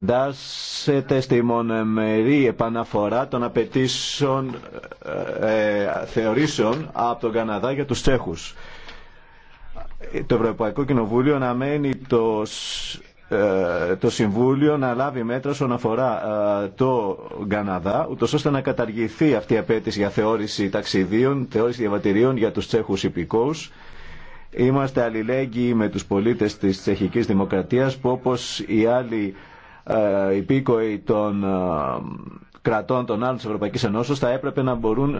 δάσετε στη μονομερή επαναφορά των απαιτήσεων ε, θεωρήσεων από τον Καναδά για τους Τσέχους. Το Ευρωπαϊκό Κοινοβούλιο αναμένει το, ε, το Συμβούλιο να λάβει μέτρα όσον αφορά ε, το Καναδά, ούτω ώστε να καταργηθεί αυτή η απέτηση για θεώρηση ταξιδίων, θεώρηση διαβατηρίων για τους Τσέχους υπηκόους. Είμαστε αλληλέγγυοι με τους πολίτες της τσεχικής δημοκρατίας που όπως οι άλλοι ε, υπήκοοι των ε, κρατών των άλλων της Ευρωπαϊκής Ενώσεως θα έπρεπε να μπορούν